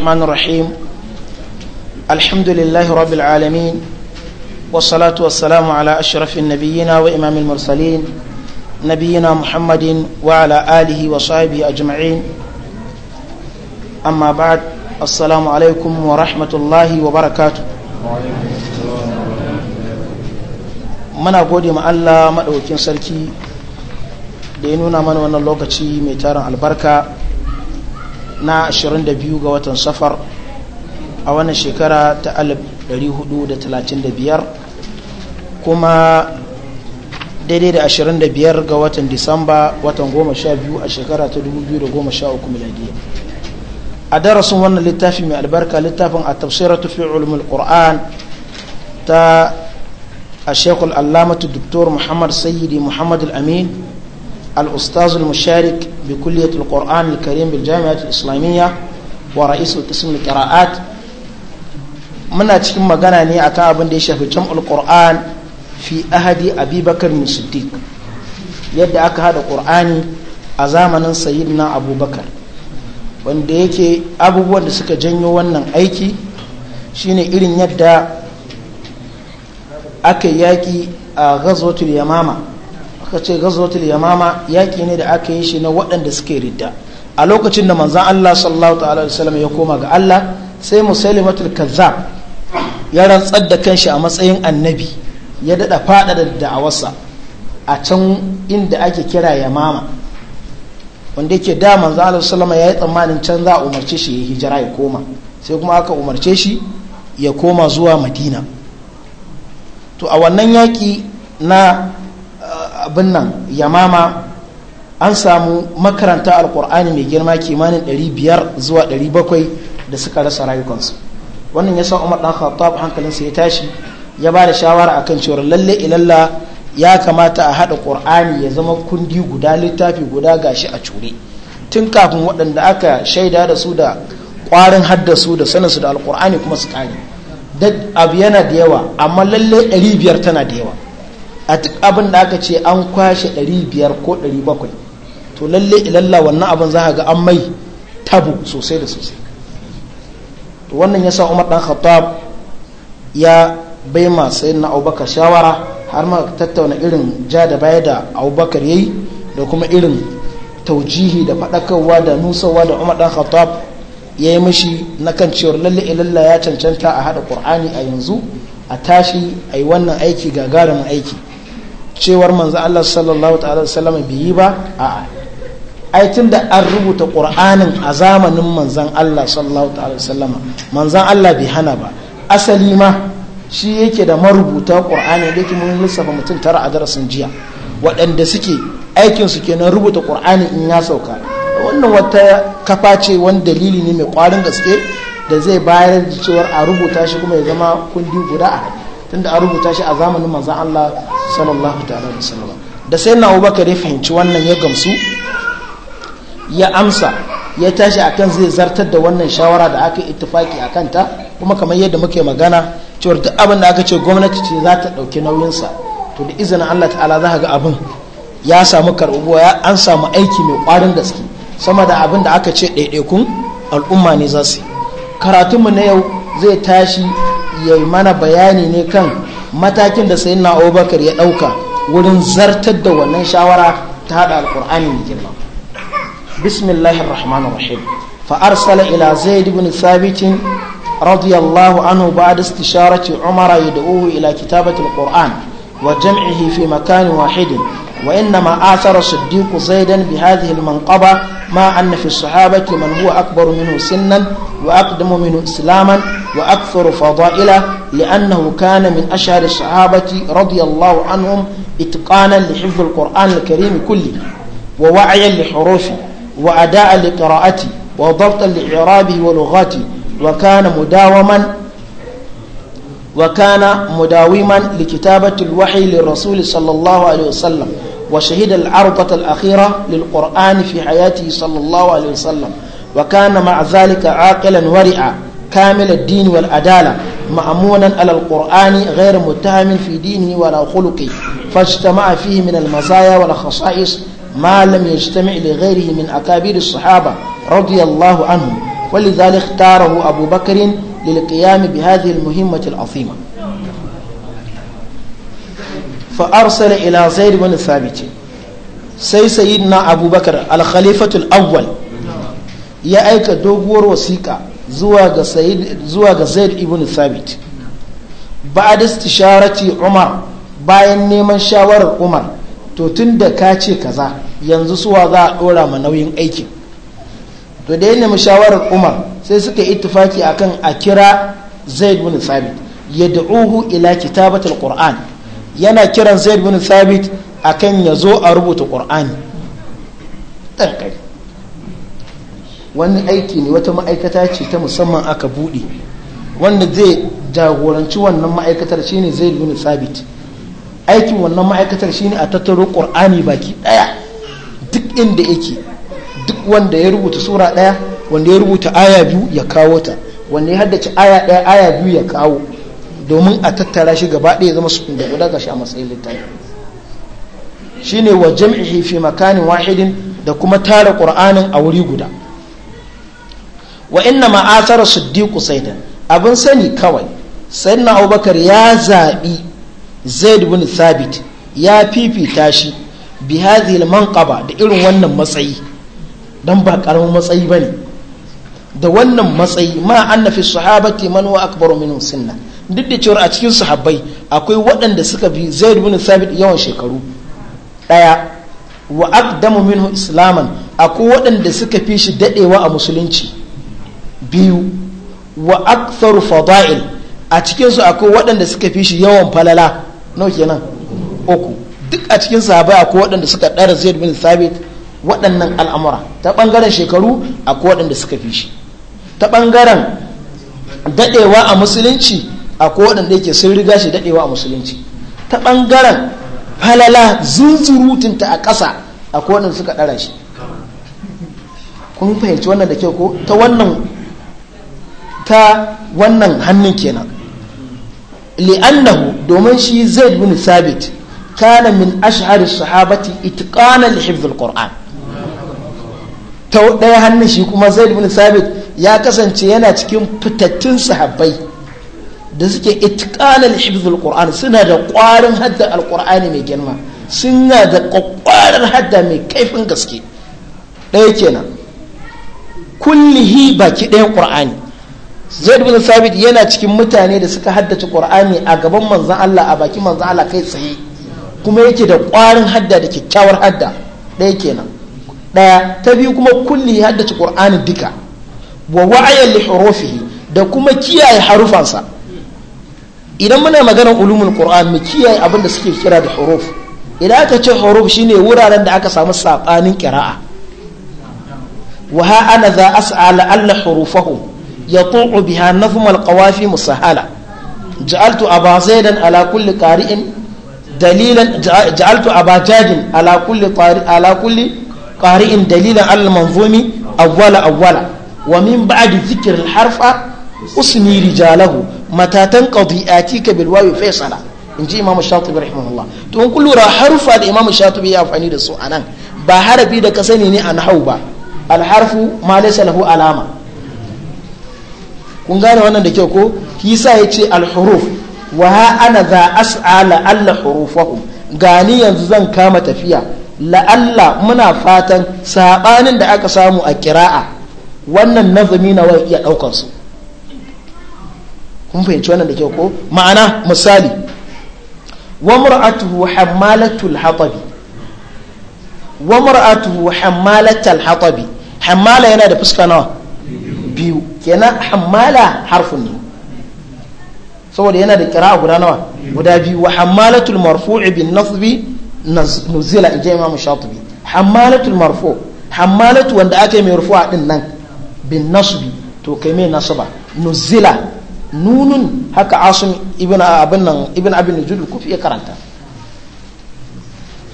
الرحمن الرحيم الحمد لله رب العالمين والصلاة والسلام على أشرف النبيين وإمام المرسلين نبينا محمد وعلى آله وصحبه أجمعين أما بعد السلام عليكم ورحمة الله وبركاته muna gode ma Allah maɗaukin sarki da ya nuna mana wannan lokaci mai tarin albarka na 22 ga watan safar a wannan shekara ta 1435 kuma daidai da 25 ga watan disamba watan 12 a shekara ta 2013 miladiya a darasin wannan littafi mai albarka littafin a tafsiratu fi ulumul qur'an ta a shekul allamatu dr muhammad sayyidi muhammad amin Al الأستاذ المشارك بكلية القرآن الكريم بالجامعة الإسلامية ورئيس قسم القراءات muna cikin magana ne akan abin da ya shafi jam'ul qur'an fi ahadi abubakar min siddiq yadda aka haɗa ƙur'ani a zamanin na abubakar wanda yake abubuwan da suka janyo wannan aiki shine irin yadda aka yaki a ghazwatul yamama ka ce gazotul yamama yaƙi ne da aka yi shi na waɗanda suke ridda a lokacin da manzan Allah sallallahu ta'ala wasallam ya koma ga Allah sai musailimatul kazzab ya rantsar da kanshi a matsayin annabi ya daɗa faɗaɗa da'awarsa a can inda ake kira yamama wanda yake da manzan Allah sallallahu ya yi tsammanin can za a umarce shi ya hijira ya koma sai kuma aka umarce shi ya koma zuwa madina to a wannan yaƙi na abin nan yamama an samu makaranta alkur'ani mai girma kimanin 500 zuwa 700 da suka rasa rayukansu wannan ya sa umar dan khattab hankalinsa ya tashi ya ba da shawara akan cewar lalle ilalla ya kamata a haɗa ƙur'ani ya zama kundi guda littafi guda gashi a cure tun kafin waɗanda aka shaida da su da ƙwarin haddasu da saninsu da alƙur'ani kuma su ƙare abu yana da yawa amma lalle biyar tana da yawa a duk abin da aka ce an kwashe 500 ko 700 to lalle ilalla wannan abin za ga an mai tabu sosai da sosai to wannan ya yasa Umar dan Khattab ya bai masu yin na Abubakar shawara har ma tattauna irin ja da baya da Abubakar yi da kuma irin taujihi da faɗakarwa da nusawa da Umar dan Khattab ya yi mishi na kan cewar lalle ilalla ya cancanta a haɗa ƙur'ani a yanzu a tashi a yi wannan aiki gagarumin aiki cewar manzo Allah sallallahu ta'ala salama bi yi ba a'a ai da an rubuta ƙur'anin a zamanin manzon Allah sallallahu ta'ala sallama manzon Allah bai hana ba asali ma shi yake da marubuta ƙur'ani da yake mun lissafa mutum tara a darasin jiya waɗanda suke aikin su kenan rubuta ƙur'ani in ya sauka wannan wata kafa ce wani dalili ne mai ƙwarin gaske da zai bayar da cewar a rubuta shi kuma ya zama kundi guda a tun da a rubuta shi a zamanin manzon Allah sallallahu ta'ala da sallama da sai na abubakar ya fahimci wannan ya gamsu ya amsa ya tashi akan zai zartar da wannan shawara da aka ittifaki a kanta kuma kamar yadda muke magana cewar duk abin da aka ce gwamnati ce za ta ɗauki nauyinsa to da izinin allah ta'ala za ga abin ya samu ya an samu aiki mai ƙwarin gaske sama da abin da aka ce ɗaiɗaikun al'umma ne za su karatunmu na yau zai tashi ya mana bayani ne kan matakin da sai na abubakar ya ɗauka wurin zartar da wannan shawara ta haɗa alkur'ani mai girma bismillahir rahmanir rahim fa arsala ila zaid ibn thabit radiyallahu anhu ba'da istisharati umara yad'uhu ila kitabati alquran wa jam'ihi fi makanin wahidin وإنما آثر الصديق زيدا بهذه المنقبة ما أن في الصحابة من هو أكبر منه سنا وأقدم منه إسلاما وأكثر فضائله لأنه كان من أشهر الصحابة رضي الله عنهم إتقانا لحفظ القرآن الكريم كله ووعيا لحروفه وأداء لقراءته وضبطا لإعرابه ولغاته وكان مداوما وكان مداوما لكتابة الوحي للرسول صلى الله عليه وسلم وشهد العرضة الأخيرة للقرآن في حياته صلى الله عليه وسلم وكان مع ذلك عاقلا ورعا كامل الدين والعدالة مأمونا على القرآن غير متهم في دينه ولا خلقه فاجتمع فيه من المزايا والخصائص ما لم يجتمع لغيره من أكابر الصحابة رضي الله عنهم ولذلك اختاره أبو بكر للقيام بهذه المهمة العظيمة fa arsala ila zaid ibn thabit sai sayyidina abubakar al-khalifatul awwal ya aika doguwar wasiƙa zuwa ga sayyid zuwa ga zaid ibn thabit ba'da istisharati umar bayan neman shawarar umar to tun da kace kaza yanzu suwa za a dora ma nauyin aiki to da ya nemi shawarar umar sai suka ittifaki akan a kira zaid ibn thabit yad'uhu ila kitabatul qur'an yana kiran zaid bin thabit akan ya zo a rubuta qur'ani wani aiki ne wata ma'aikata ce ta musamman aka buɗe wanda zai jagoranci wannan ma'aikatar shine zai bin sabit aikin wannan ma'aikatar shine a tattaro ƙur'ani baki ɗaya duk inda yake duk wanda ya rubuta sura ɗaya wanda ya rubuta aya biyu ya kawo ta wanda ya haddace aya ɗaya aya biyu ya kawo domin a tattara shi gaba ɗaya zama su da guda gashi a matsayin littafi ne wa jam'ihi fi makanin wahidin da kuma tara ƙur'anin a wuri guda wa inna ma'asarar athara siddiqu saidan abin sani kawai sayyidina abubakar ya zaɓi zaid bin thabit ya fifita shi bi hadhihi manqaba da irin wannan matsayi dan ba karamin matsayi bane da wannan matsayi ma annafi fi sahabati man wa akbaru minhu sinna duk da cewar a cikin sahabbai akwai waɗanda suka bi zaid bin sabit yawan shekaru ɗaya wa aqdamu minhu islaman akwai waɗanda suka fi shi daɗewa a musulunci biyu wa aktharu fada'il a cikin su akwai waɗanda suka fi shi yawan falala nawa kenan uku duk a cikin sahabbai akwai waɗanda suka ɗara zaid bin sabit waɗannan al'amura ta ɓangaren shekaru akwai waɗanda suka fi shi ta ɓangaren daɗewa a musulunci A ko waɗanda yake sun riga shi daɗewa a musulunci ta ɓangaren falala zunzurutunta a ƙasa ko waɗanda suka ɗara shi kun fahimci wannan da kyau ko ta wannan ta wannan hannun kenan li'annahu domin shi zaid bin sabit kana min ashhar sahabati itqana li hifdh alquran ta ɗaya hannun shi kuma zaid bin sabit ya kasance yana cikin fitattun sahabbai da suke itikalar hifzul qur'an suna da ƙwarin hadda alqur'ani mai girma suna da ƙwaƙwarar hadda mai kaifin gaske ɗaya kenan kullihi baki ɗayan qur'ani zaid bin sabit yana cikin mutane da suka haddace qur'ani a gaban manzon Allah a baki manzon Allah kai tsaye kuma yake da ƙwarin hadda da kyakkyawar hadda ɗaya kenan ɗaya ta biyu kuma kulli haddace qur'ani duka wa wa'ayan li hurufihi da kuma kiyaye harufansa idan muna maganar ulumul qur'an mu kiyaye abin da suke kira da huruf idan aka ce huruf shine wuraren da aka samu sabanin qira'a wa ha ana za as'a la'alla hurufahum yatu'u biha nazm al musahala ja'altu aba zaidan ala kulli qari'in dalilan ja'altu aba jadin ala kulli qari ala kulli qari'in dalilan al-manzumi awwala awwala wa min ba'di dhikr al-harfa usmi rijalahu matatan qadi'ati ka bil wawi faisala in ji imam shatibi rahimahullah to in kun lura harufa da imam shatibi ya amfani da su anan ba harafi da ka sani ne a nahau ba alharfu ma laysa lahu alama kun gane wannan da kyau ko kisa yace ce alhuruf wa ha ana za as'ala alla hurufahum gani yanzu zan kama tafiya la'alla muna fatan sabanin da aka samu a kira'a wannan nazumi na wai iya daukar su kun fahimci wannan da kyau ko ma'ana misali wa mar'atuhu hammalatul hatabi wa mar'atuhu hammalatul hatabi hammala yana da fuska nawa biyu kenan hammala ne saboda yana da kira guda nawa guda biyu wa hammalatul marfu'i bin nasbi nuzila ijai imam shatibi hammalatul marfu hammalatu wanda aka yi mai rufu'a din nan bin nasbi to kai mai nasaba nuzila nunun haka asun ibn abin nan ibn abin nujud kufi ya karanta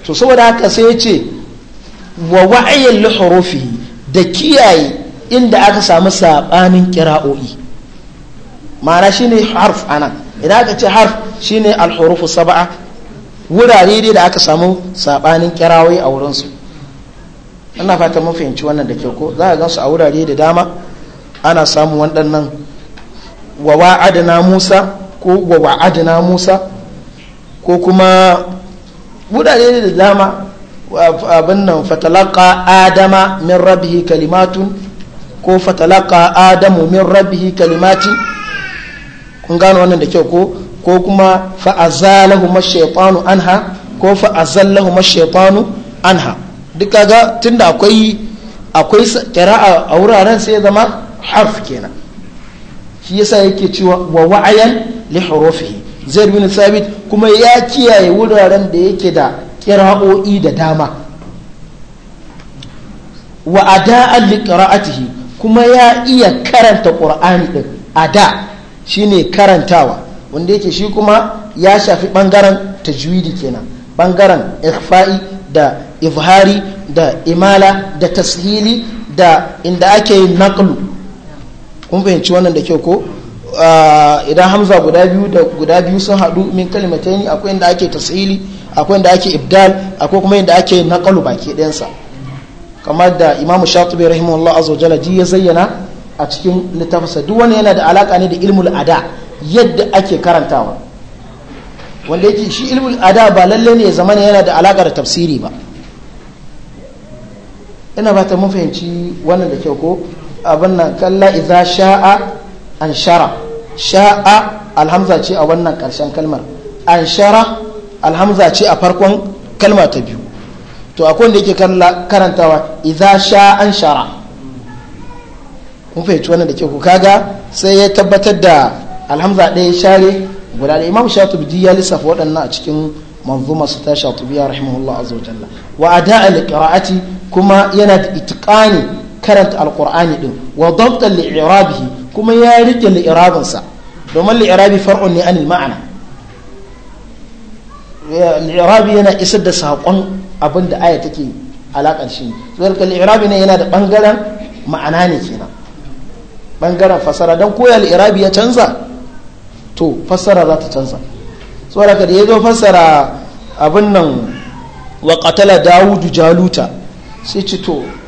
to saboda haka sai ya ce wa wa'ayin lihurufi da kiyaye inda aka samu sabanin kira'o'i ma'ana shine harf anan idan aka ce harf shi ne alhurufu saba'a wurare dai da aka samu sabanin kira'o'i a wurinsu ina fata mun fahimci wannan da kyau ko za a gansu a wurare da dama ana samun waɗannan wa wa'adna musa ko wa wa'adna musa ko kuma wurare da dama abin nan fatalaka adama min rabihi kalimatun ko fatalaka adamu min rabihi kalimatin kun gano wannan da kyau ko ko kuma fa'azalahu mashaitanu anha ko fa'azallahu mashaitanu anha duk kaga tunda akwai akwai kira'a a wuraren sai zama harf kenan shi yasa yake cewa wa wa'ayan li hurufihi zaid bin sabit kuma ya kiyaye wuraren da yake da qira'o'i da dama wa ada'an li qira'atihi kuma ya iya karanta qur'ani din ada shine karantawa wanda yake shi kuma ya shafi bangaren tajwidi kenan bangaren ikhfa'i da ifhari da imala da tashili da inda ake yin naqlu kun fahimci wannan da kyau ko ah, idan hamza guda biyu da guda biyu sun haɗu min kalimataini akwai inda ake tasili akwai inda ake ibdal akwai kuma inda ake naqalu baki ɗayansa kamar da imam shatibi rahimahullah azza jalla ji ya zayyana a cikin littafinsa duk wani yana da alaka ne da ilmul ada yadda ake karantawa wanda yake shi ilmul ada ba lalle ne zama ne yana da alaka da tafsiri ba ina ba ta mun fahimci wannan da kyau ko abin nan kalla Iza sha'a an shara sha'a alhamza ce a wannan karshen kalmar an shara alhamza ce a farkon kalma ta biyu to akwai wanda yake karantawa Iza sha'a an shara kun fahimci wannan da ke ku ga sai ya tabbatar da alhamza ɗaya share guda da imam shatubi ya lissafa waɗannan a cikin manzuma su ta shatubi ya rahimahullah azza wa jalla wa kuma yana da itqani karanta alqur'ani din wa dabtan li'irabihi kuma ya rike li'irabinsa domin li'irabi far'un ne anil ma'ana li'irabi yana isar da saƙon abin da aya take alakar shi saboda li'irabi ne yana da ɓangaren ma'ana ne kenan ɓangaren fasara don koya li'irabi ya canza to fasara za ta canza saboda da ya zo fasara abin nan wa qatala dawudu jaluta sai ci to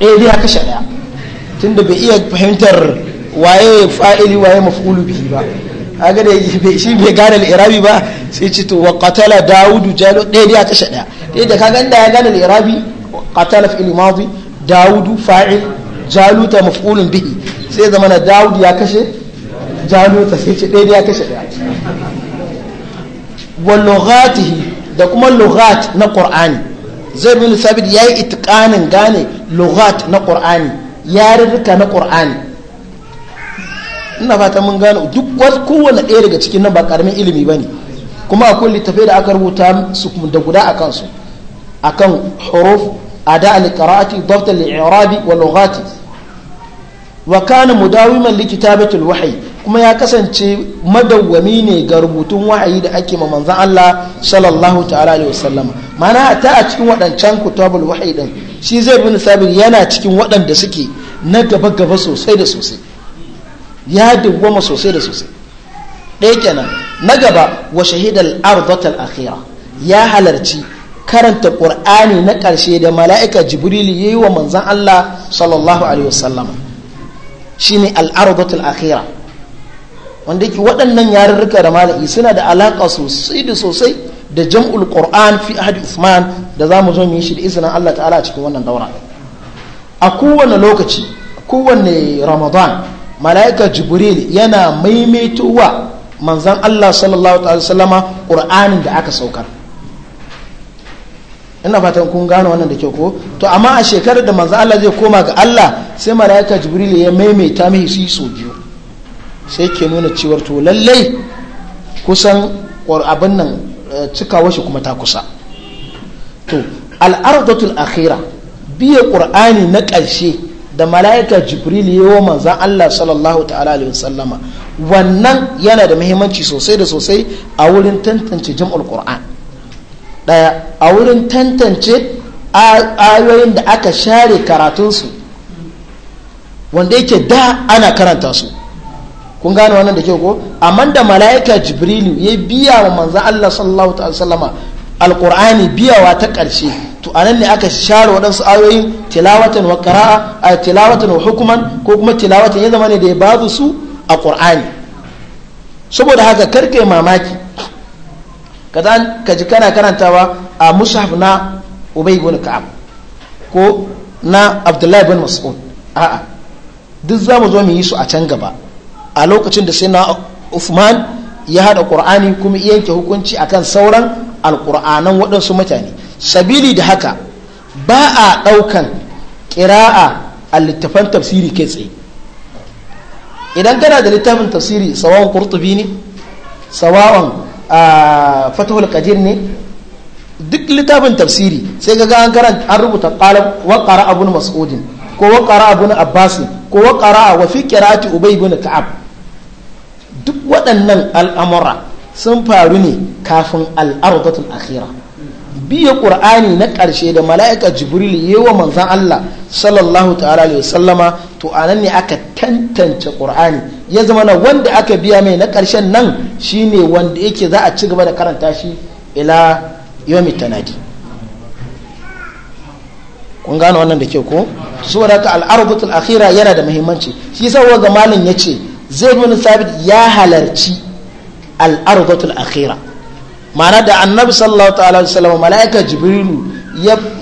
ɗaya eh, dai ya kashe ɗaya tunda bai iya fahimtar waye fa'ili waye maf'ulu bihi ba kaga da shi bai gane al-irabi ba sai ce to wa qatala daudu jalo ɗaya dai ya kashe ɗaya ɗaya da kaga inda ya gane al-irabi qatala fi'il madi daudu fa'il ta maf'ulu bihi sai zama na daudu ya kashe jalo ta sai ce ɗaya dai ya kashe ɗaya wa lughatihi da kuma lughat na qur'ani zaid bin sabit yayi itikanin gane lughat na qur'ani yarurruka na qur'ani ina fata mun gano duk wasu kowane ɗaya daga cikin nan ba karamin ilimi ba ne kuma akwai littafai da aka rubuta su da guda a kansu akan huruf ada al-qira'ati dabt irabi wa lughati wa kana mudawiman likita kitabatil wahyi kuma ya kasance madawwami ne ga rubutun wahayi da ake ma manzan Allah sallallahu ta'ala alaihi wasallama mana ta a cikin waɗancan kutabul wahayi din shi zai bin sabir yana cikin waɗanda suke na gaba gaba sosai da sosai ya dawwama sosai da sosai ɗaya kenan na gaba wa shahidal ardatal akhira ya halarci karanta qur'ani na ƙarshe da mala'ika jibril yayi wa manzan Allah sallallahu alaihi wasallama shine al ardatul akhira wanda yake waɗannan yarurruka da malami suna da alaƙa sosai da sosai da jam'ul qur'an fi usman da za mu zo mu yi shi da izinin allah ta'ala a cikin wannan daura a kowane lokaci kowane ramadan mala'ika jibril yana maimaitowa manzan allah sallallahu alaihi wasallama qur'anin da aka saukar ina fatan kun gano wannan da kyau ko to amma a shekarar da manzan allah zai koma ga allah sai mala'ika jibril ya maimaita shi su biyu sai ke nuna cewar to lallai kusan abin nan eh, cikawa shi kuma ta kusa to al'ardatul akhira biya ƙur'ani na ƙarshe da mala'ika jibril ya wa manzan allah sallallahu ta'ala alaihi wasallama wannan yana da muhimmanci sosai da sosai a wurin tantance jam'ul qur'an daya a wurin tantance ayoyin da aka share karatunsu wanda yake da ana karanta su kun gane wannan da ke ko amma da mala'ika jibrilu ya biya wa manzan Allah sallallahu ta'ala sallama alqur'ani biyawa ta ƙarshe to anan ne aka share waɗansu ayoyin tilawatan wa qira'a a tilawatan wa hukuman ko kuma tilawatan ya zama ne da ya babu su a qur'ani saboda haka karkai mamaki kaza ka ji kana karantawa a mushaf na ubay ibn ka'ab ko na abdullahi ibn mas'ud a'a duk zamu zo mu yi su a can gaba a lokacin da sai na Uthman ya haɗa Qur'ani kuma yanke hukunci akan sauran alƙur'anan waɗansu mutane sabili da haka ba a ɗaukan ƙira'a a littafan tafsiri kai tsaye idan kana da littafin tafsiri sawawan kurtubi ne sawawan fatahul qadir ne duk littafin tafsiri sai ga an karanta an rubuta qalam wa qara abun mas'udin ko wa qara abun abbas ko wa wa fi qira'ati ubay ibn ka'ab duk waɗannan al'amura sun faru ne kafin al'ardatul akhira biya ƙur'ani na ƙarshe da mala'ika jibril yi wa manzan Allah sallallahu ta'ala alaihi sallama to nan ne aka tantance ƙur'ani ya zama na wanda aka biya mai na ƙarshen nan shine wanda yake za a ci gaba da karanta shi ila yomi tanadi kun gane wannan da ke ko su ka al'ardatul akhira yana da muhimmanci shi saboda wa ga malam ce zai bin sabit ya halarci al'arugatul akhira ma'ana da annabi sallallahu ta'ala wasallam mala'ika jibrilu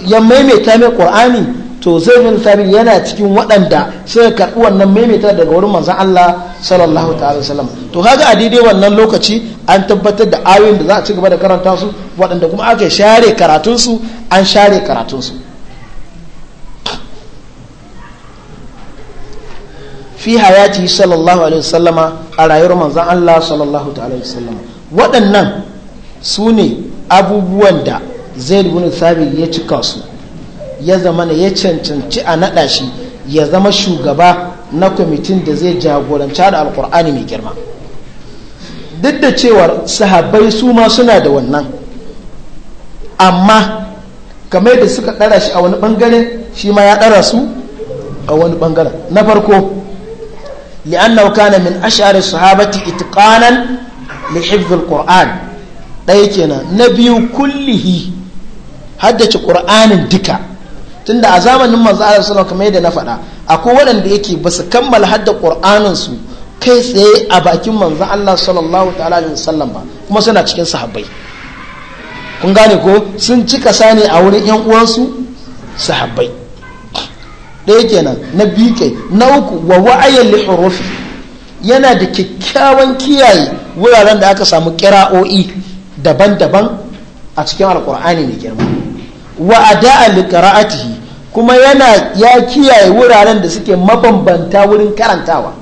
ya maimaita mai qur'ani to zai bin sabit yana cikin waɗanda sai karɓi wannan maimaita daga wurin manzon Allah sallallahu ta'ala wasallam to kaga a daidai wannan lokaci an tabbatar da ayoyin da za a ci gaba da karanta su waɗanda kuma aka share karatunsu an share karatunsu fi hayati sallallahu alaihi wasallama a rayuwar manzan Allah sallallahu alaihi wasallama waɗannan su ne abubuwan da zaid bin sabi ya cika su ya zama ya cancanci a naɗa shi ya zama shugaba na kwamitin da zai jagoranci da alkur'ani mai girma duk da cewar sahabbai su ma suna da wannan amma kamar da suka ɗara shi a wani ɓangare shi ma ya ɗara su a wani ɓangaren na farko li'annahu kana min ash'ari sahabati itqanan li qur'an ɗaya kenan na biyu kullihi haddace qur'anin duka tunda a zamanin manzo Allah sallallahu kamar yadda na faɗa akwai waɗanda yake ba su kammala hadda qur'anin su kai tsaye a bakin manzo Allah sallallahu ta'ala alaihi wasallam ba kuma suna cikin sahabbai kun gane ko sun cika sani a wurin yan uwansu sahabbai ɗaya kenan na biyu na uku wa wa'ayin lihurufi yana da kyakkyawan kiyaye wuraren da aka samu kira'o'i daban-daban a cikin alkur'ani mai girma wa ada'a liqira'atihi kuma yana ya kiyaye wuraren da suke mabambanta wurin karantawa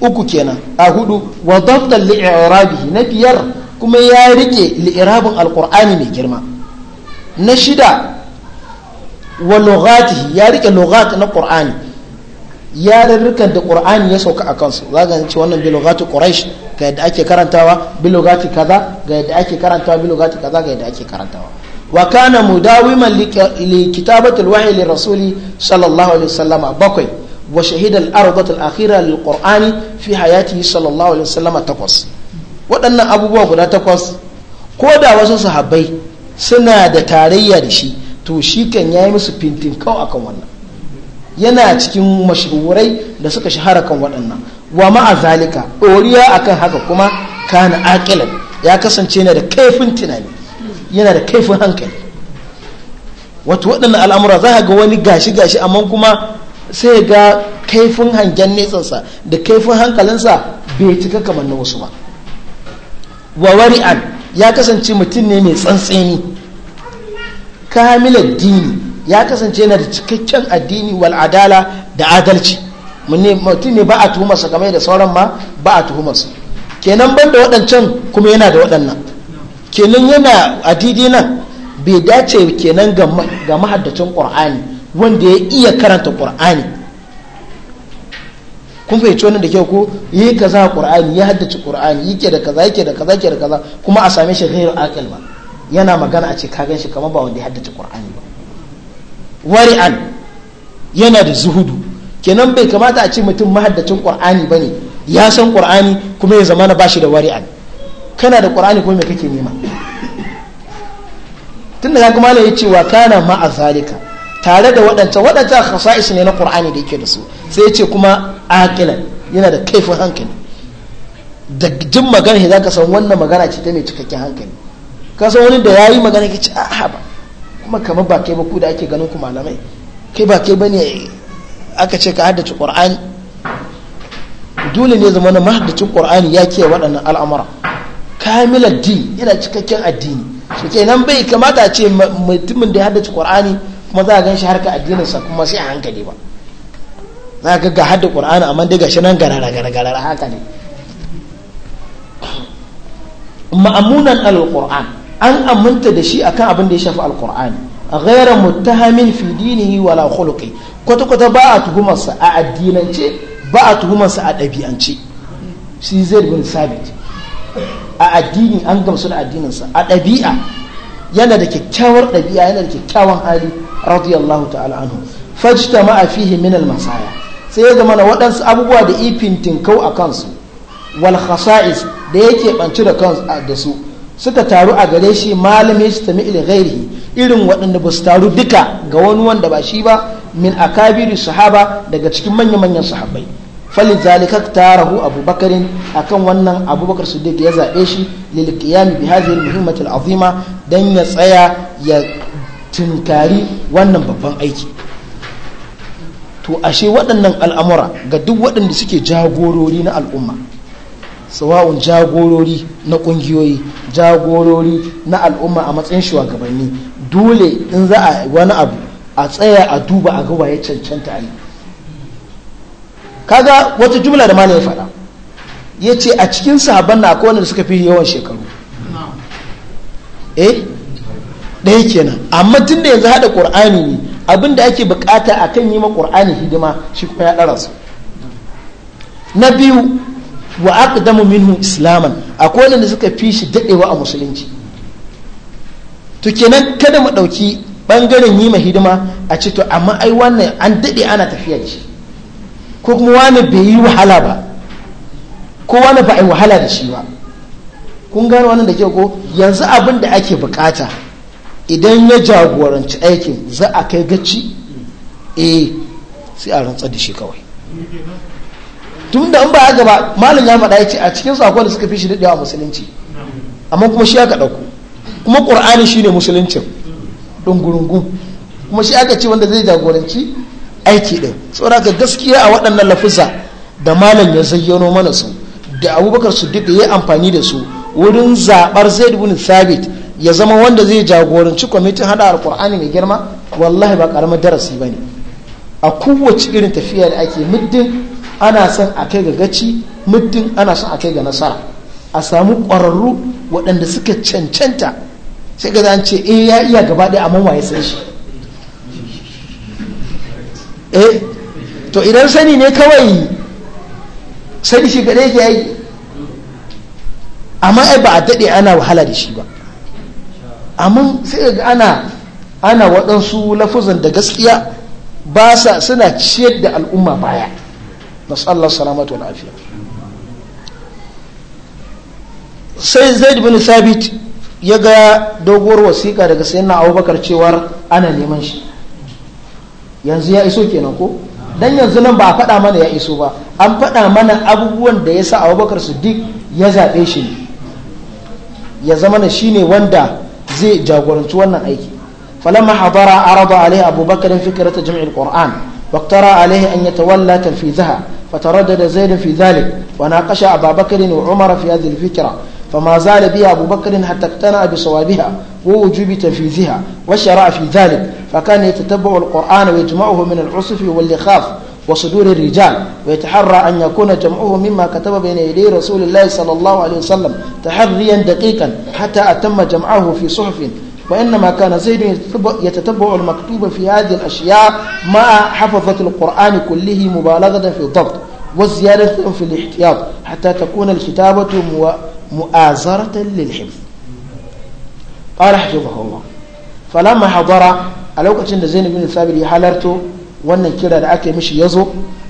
uku kenan a hudu wa dabta li'irabihi na biyar kuma ya rike li'irabin alkur'ani mai girma na shida wa lughatihi ya rike lughat na qur'ani ya rarrukan da qur'ani ya sauka a kansu za ga ce wannan bi lughati quraish ga yadda ake karantawa bi lughati kaza ga yadda ake karantawa bi lughati kaza ga yadda ake karantawa wa kana mudawiman li kitabati alwahyi li rasuli sallallahu alaihi wasallama bakwai wa shahida al-ardatu al-akhira lil qur'ani fi hayatihi sallallahu alaihi wasallama takwas waɗannan abubuwa guda takwas ko da wasu sahabbai suna da tarayya da shi to shi kan ya yi musu fintin kau akan wannan yana cikin mashahurai da suka shahara kan waɗannan wa ma'a zalika ɗoriya akan haka kuma kana aƙilan ya kasance yana da kaifin tunani yana da kaifin hankali wato waɗannan al'amura za ga wani gashi gashi amma kuma sai ga kaifin hangen nesansa da kaifin hankalinsa bai cika kamar na wasu ba wa wari'an ya kasance mutum ne mai tsantseni kamilar addini ya kasance yana da cikakken addini wal adala da adalci mutum ne ba a tuhumarsa game da sauran ma ba a tuhumarsa kenan ban da waɗancan kuma yana da waɗannan kenan yana adidi nan bai dace kenan ga mahaddacin ƙur'ani wanda ya iya karanta ƙur'ani kun fahimci wannan da kyau ko yi kaza ƙur'ani ya haddace ƙur'ani yake da kaza yake da kaza yake da kaza kuma a same shi ghairu aqil ba yana magana a ce ka shi kamar ba wanda ya haddace qur'ani ba wari'an yana da zuhudu kenan bai kamata a ce mutum mahaddacin qur'ani ne ya san qur'ani kuma ya zama na shi da wari'an kana da qur'ani kuma me kake nema tunda ya kuma ya ce wa kana ma'a zalika tare da waɗancan waɗancan khasa'is ne na qur'ani da yake da su sai ya ce kuma aqilan yana da kaifin hankali da jin magana ka san wannan magana ce ta mai cikakken hankali kasa wani da ya yi magana ke ci ah, a ba kuma kamar ba kai ba ku da ake ganin ku malamai kai ba kai ba ne aka ce ka haddace ƙor'ani dole ne zama na mahaddacin ƙor'ani ya ke waɗannan al'amura kamilar din yana cikakken addini su nan bai kamata a ce mutumin da ya haddace ƙor'ani kuma za a gan shi harka addininsa kuma sai a hankali ba za ka ga hadda ƙor'ani amma dai gashi nan garara garara haka ne ma'amunan al qur'an. an aminta da shi akan abin da ya shafi alkur'ani ghairu muttahamin fi dinihi wala khuluqi kwata kwata ba a tuhumarsa a addinance ba a tuhumarsa a ɗabi'ance shi zaid bin sabit a addini an gamsu da addininsa a ɗabi'a yana da kyakkyawar ɗabi'a yana da kyakkyawan hali radiyallahu ta'ala anhu a fihi min al-masaya sai ya zama na waɗansu abubuwa da ifin tinkau a kansu wal khasa'is da yake banci da kansu da su suka taru a gare shi malami su tami ila gairi irin waɗanda ba su taru duka ga wani wanda ba shi ba min akabiri sahaba daga cikin manya-manyan sahabbai falin zalika tarahu abubakarin akan wannan abubakar siddiq ya zaɓe shi lil qiyam bi hadhihi muhimmatul azima dan ya tsaya ya tunkari wannan babban aiki to ashe waɗannan al'amura ga duk waɗanda suke jagorori na al'umma sawa'un jagorori na kungiyoyi jagorori na al'umma a matsayin shugabanni dole in za a wani abu a tsaya a duba a ga ya cancanta yi kaga wata jumla da mana ya faɗa ya ce a cikin sahabban na akwai wanda suka fi yawan shekaru eh ɗaya kenan amma tun da yanzu haɗa ƙur'ani ne abin da ake bukata a kan yi ma ƙur'ani hidima shi kuma ya ɗara su na biyu wa aqdamu minhum islaman akwai wanda suka fi shi dadewa a musulunci to kenan kada mu dauki bangaren yi hidima a ce to amma ai wannan an dade ana tafiya da shi ko kuma wani bai yi wahala ba ko wani ba a wahala da shi ba kun gano wannan da ke ko yanzu abin da ake bukata idan ya jagoranci aikin za a kai gaci eh sai a rantsar da shi kawai tun da an ba haka ba malin ya maɗa ya ce a cikin sakon da suka fi shi daɗewa musulunci amma kuma shi aka ɗauko kuma ƙur'ani ne musuluncin ɗungurungun kuma shi aka ce wanda zai jagoranci aiki ɗin saboda ka gaskiya a waɗannan lafuza da malam ya zayyano mana su da abubakar su duk ya amfani da su wurin zaɓar zaid bin sabit ya zama wanda zai jagoranci kwamitin haɗa alƙur'ani mai girma wallahi ba ƙaramin darasi ba ne a kowace irin tafiya da ake muddin ana son a kai ga gaci muddin ana son a kai ga nasara a samu ƙwararru waɗanda suka cancanta sai ga an ce eh ya iya gaba ɗaya amma waye san shi eh to idan sani ne kawai sani shi ga ɗaya yi amma ai ba a daɗe ana wahala da shi ba amma sai ga ana ana waɗansu lafuzan da gaskiya ba sa suna ciyar da al'umma baya Allah salamatu wa lafiya sai zaid bin sabit ya ga doguwar wasiƙa daga na abubakar cewar ana neman shi yanzu ya iso kenan ko don yanzu nan ba a faɗa mana ya iso ba an faɗa mana abubuwan da ya sa abubakar su duk ya zaɓe shi ne ya zama na shi ne wanda zai jagoranci wannan aiki falamma hadara arada alaihi abubakar fikirata jami'in qur'an واقترى عليه أن يتولى تنفيذها فتردد زيد في ذلك وناقش أبا بكر وعمر في هذه الفكرة فما زال بها أبو بكر حتى اقتنع بصوابها ووجوب تنفيذها وشرع في ذلك فكان يتتبع القرآن ويجمعه من العصف واللخاف وصدور الرجال ويتحرى أن يكون جمعه مما كتب بين يدي رسول الله صلى الله عليه وسلم تحريا دقيقا حتى أتم جمعه في صحف وإنما كان زيد يتتبع المكتوب في هذه الأشياء مع حفظة القرآن كله مبالغة في الضبط وزيادة في الاحتياط حتى تكون الكتابة مؤازرة للحفظ قال حفظه الله فلما حضر ألوكة زين بن ثابت يحلرته وأن كده دعاك مش يزو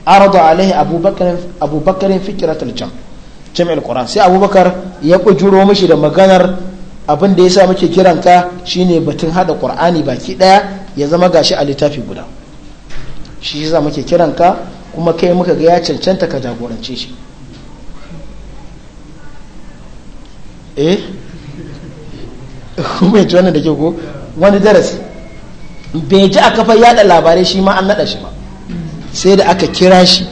عرض عليه أبو بكر أبو بكر فكرة الجمع جمع القرآن سي أبو بكر يقول جورو مشي لما abin da ya sa muke kiran ka shine batun hada qur'ani baki daya ya zama gashi a littafi guda shi ya sa muke kiran ka kuma kai muka ga ya cancanta ka jagorance shi eh kuma ya wannan da ke ko wani darasi bai ji a kafa yada labarai shi ma an nada shi ba sai da aka kira shi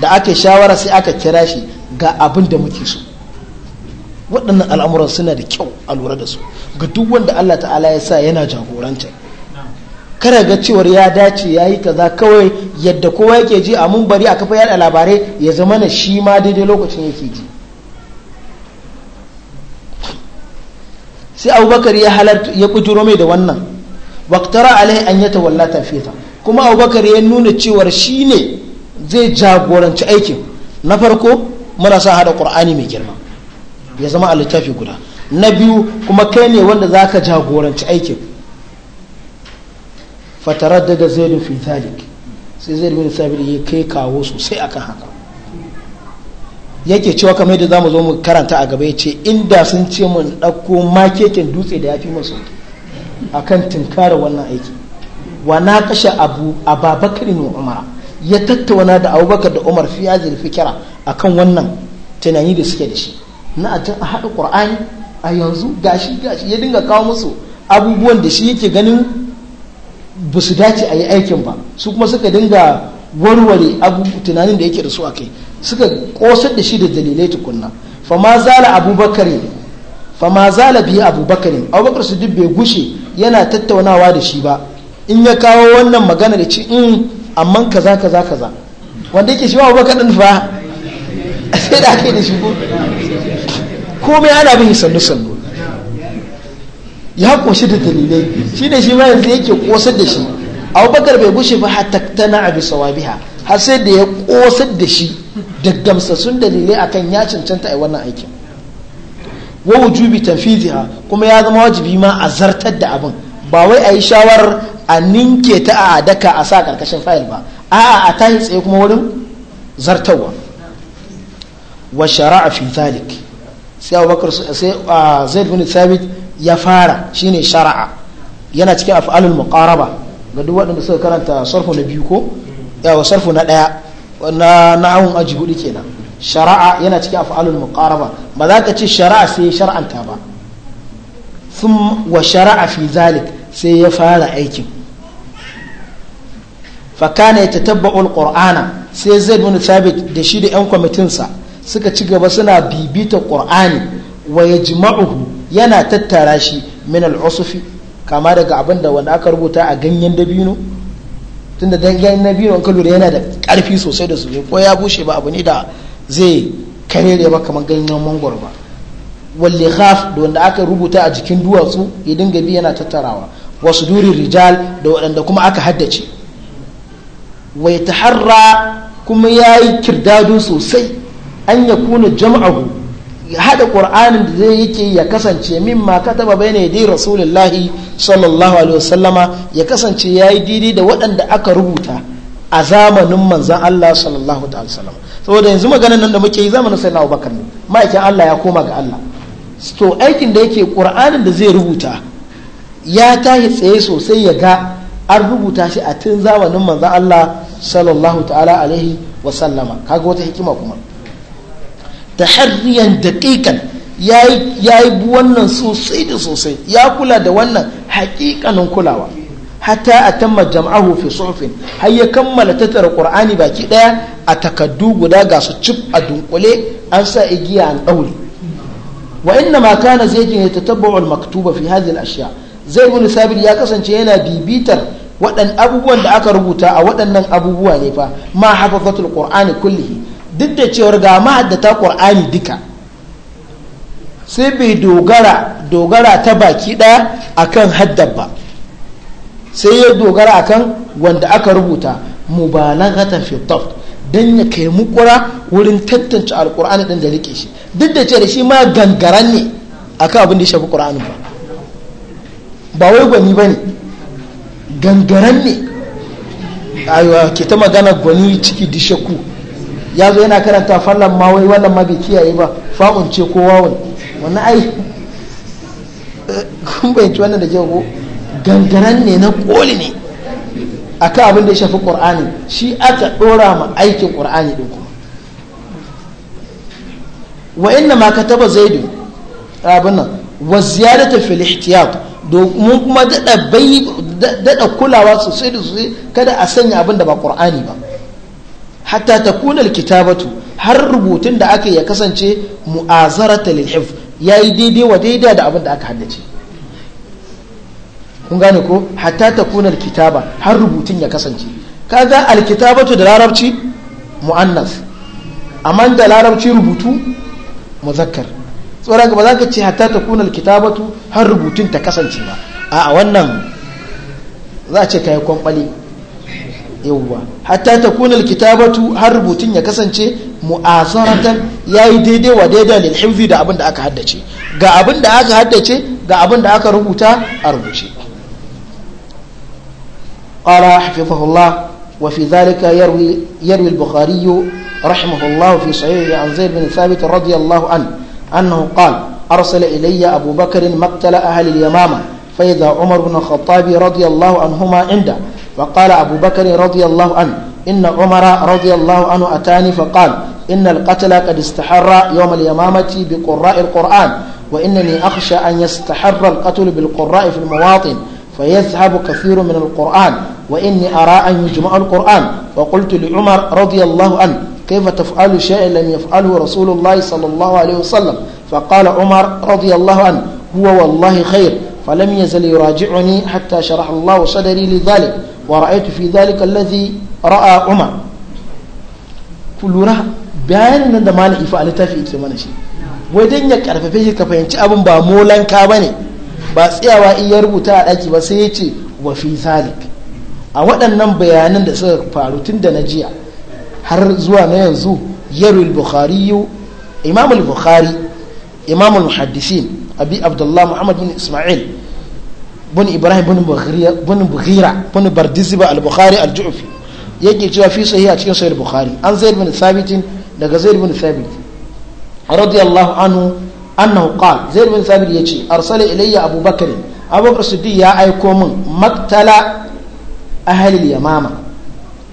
da aka shawara sai aka kira shi ga abin da muke so waɗannan al'amuran suna da kyau a lura da su ga duk wanda Allah ta'ala ya sa yana jagoranta kada ga cewar ya dace ya yi kaza kawai yadda kowa yake ji a mun bari a kafa yada labarai ya zama na shi ma daidai lokacin yake ji sai abubakar ya halarta ya bujuro mai da wannan waktara alai an yata wallata fita kuma abubakar ya nuna cewar shi ne zai jagoranci aikin na farko muna sa hada ƙur'ani mai girma ya zama a littafi guda na biyu kuma kai ne wanda za ka jagoranci aikin fatarar da zai fi thalik sai zai bin sabir ya kai kawo sosai akan haka yake cewa kamar yadda zamu zo mu karanta a gaba ya ce inda sun ce mun ɗauko makekin dutse da ya fi masu kan tinkara wannan aiki wa na kashe abu ababakar ne umara ya tattauna da abubakar da umar fi yazil fikira akan wannan tunani da suke da shi na a can a haɗa ƙur'ani a yanzu gashi gashi ya dinga kawo musu abubuwan da shi yake ganin ba su dace a yi aikin ba su kuma suka dinga warware tunanin da yake da su a kai suka ƙosar da shi da dalilai tukunna fama zala abubakar fama zala bi abubakar abubakar su duk bai gushe yana tattaunawa da shi ba in ya kawo wannan magana da ci in mm, amma kaza kaza kaza wanda yake shi ba abubakar din fa sai da ake da shi ko komai ana bin sannu sannu ya ƙunshi da dalilai shi da shi ma yanzu yake kosar da shi abubakar bai bushe ba hatattana a bisa wabiha har sai da ya kosar da shi da gamsassun dalilai akan ya cancanta a wannan aikin wa wujubi tanfiziha kuma ya zama wajibi ma a zartar da abin ba wai a yi shawarar a ninke ta a daka a sa karkashin fayil ba a'a a tashi tsaye kuma wurin zartarwa wa shara'a fi zalik sai abubakar sai zaid bin sabit ya fara shine shara'a yana cikin af'alul muqaraba ga duk waɗanda suka karanta sarfu na biyu ko yawa sarfu na ɗaya na na'awun aji hudu kenan shara'a yana cikin af'alul muqaraba ba za ka ce shara'a sai shar'anta ba sun wa shara'a fi zalik sai ya fara aikin fakana ya tatabba'ul qur'ana sai zaid bin sabit da shi da yan kwamitinsa suka ci gaba suna bibita qur'ani wa jima'u yana tattara shi min al'usufi kama daga abin da wanda aka rubuta a ganyen dabino tun da ganyen dabino ka lura yana da ƙarfi sosai da sosai ko ya bushe ba abu ne da zai karere ba kamar ganyen mangwaro ba walli khaf da wanda aka rubuta a jikin duwatsu ya dinga bi yana tattarawa wasu duri rijal da waɗanda kuma aka haddace wai harra kuma ya yi kirdado sosai an ya kuna jam'ahu ya haɗa ƙur'anin da zai yake ya kasance min ma ka taɓa bai ne dai rasulullahi sallallahu alaihi wasallama ya kasance ya yi daidai da waɗanda aka rubuta a zamanin manzan Allah sallallahu alaihi wasallam saboda yanzu maganar nan da muke yi zamanin sai na abubakar ne ma'aikin Allah ya koma ga Allah to aikin da yake ƙur'anin da zai rubuta ya tashi tsaye sosai ya ga an rubuta shi a tun zamanin manzan Allah sallallahu ta'ala alaihi wasallama kaga wata hikima kuma taharriyan daƙiƙan ya yi wannan sosai da sosai ya kula da wannan haƙiƙanin kulawa hatta a tamma jam'ahu fi sufin har ya kammala tattara qur'ani baki daya a takaddu guda ga su cif a dunkule an sa igiya an daure wa inna ma kana zaidin ya tatabbu al maktuba fi hadhihi al ashya zai ibn sabir ya kasance yana bibitar abubuwan da aka rubuta a waɗannan abubuwa ne fa ma hafazatul qur'ani kullihi duk da cewar ga ma'adata ƙur'ani duka sai bai dogara dogara ta baki ɗaya akan haddab ba sai ya dogara akan wanda aka rubuta mu ba nan fi dabt dan ya kai mukura wurin tantance alƙur'ani ɗin da rike shi duk da da shi ma gangaran ne akan abin da ya shafi ƙur'ani ba ba wai gwani ne gangaran ne ayiwa ke ta magana gwani ciki dishaku ya zo yana karanta fallon ma wai wannan ma bai kiyaye ba fa'un ce ko wawun wani ai kun bayanci wannan da jago gangaren ne na koli ne akan abin da ya shafi ƙur'ani shi aka ɗora ma aikin ƙur'ani ɗin kuma wa inna ma ka taba zaidu abin nan wa ta fili ihtiyat domin kuma dada kulawa sosai da sosai kada a sanya abin da ba ƙur'ani ba hatta kuna alkitabatu har rubutun da aka ya kasance mu'azarata lil ya yayi daidai wa daidai da abin da aka haddace kun gane ko hatta kuna alkitaba har rubutun ya kasance kaga alkitabatu da larabci mu'annas amma da larabci rubutu muzakkar tsoron gaba za ka ce hatta ta kuna kitabatu har rubutun ta kasance ba a wannan za a ce kai kwanɓali yawwa hatta ta kunal kitabatu har rubutun ya kasance ya yayi daidai wa daidai lil hifzi da abin da aka haddace ga abin da aka haddace ga abin da aka rubuta a rubuce qala hafizahullah wa fi zalika yarwi al-bukhari rahimahullah fi sahih an zaid bin thabit radiyallahu an annahu qala arsala ilayya abubakar bakr maqtala ahli al-yamama فإذا umar بن الخطاب رضي الله عنهما inda. فقال أبو بكر رضي الله عنه إن عمر رضي الله عنه أتاني فقال إن القتل قد استحر يوم اليمامة بقراء القرآن وإنني أخشى أن يستحر القتل بالقراء في المواطن فيذهب كثير من القرآن وإني أرى أن يجمع القرآن فقلت لعمر رضي الله عنه كيف تفعل شيئا لم يفعله رسول الله صلى الله عليه وسلم فقال عمر رضي الله عنه هو والله خير فلم يزل يراجعني حتى شرح الله صدري لذلك ورأيت في ذلك الذي رأى عمر kullura bayanin nan da malam ifa a ita mana shi wajen ya karfafe shi ka fahimci abin ba molanka ba ne ba tsayawa in ya rubuta a ɗaki ba sai ya ce wa fi zalik a waɗannan bayanan da suka faru tun da na jiya har zuwa na yanzu yarul bukhari imam bukhari imam al-muhaddisin abi abdullah bin isma'il bin ibrahim bin bukhira bin bardisiba al-bukhari al-ju'fi yake cewa fi sahih a cikin sahih bukhari an zaid bin sabitin daga zaid bin sabit radiyallahu anhu annahu qala zaid bin sabit yace arsala ilayya abubakar abubakar siddiq ya aiko min maktala ahli yamama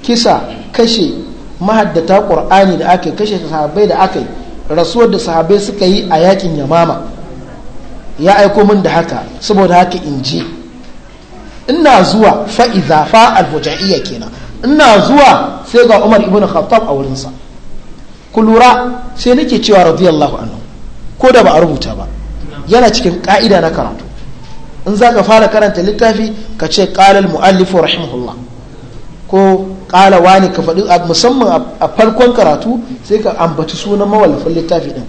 kisa kashe mahaddata qur'ani da ake kashe sahabbai da ake rasuwar da sahabai suka yi a yakin yamama ya aiko min da haka saboda haka in je ina zuwa fa'iza fa kenan in kenan ina zuwa sai ga Umar ibn Khattab a wurinsa ku lura sai nake cewa radiyallahu anhu ko da ba a rubuta ba yana cikin ka'ida na karatu in za ka fara karanta littafi ka ce ƙalal mu'allifu rahimahullah ko ƙala wani ka faɗi musamman a farkon karatu sai ka ambaci sunan mawallafin littafi ɗin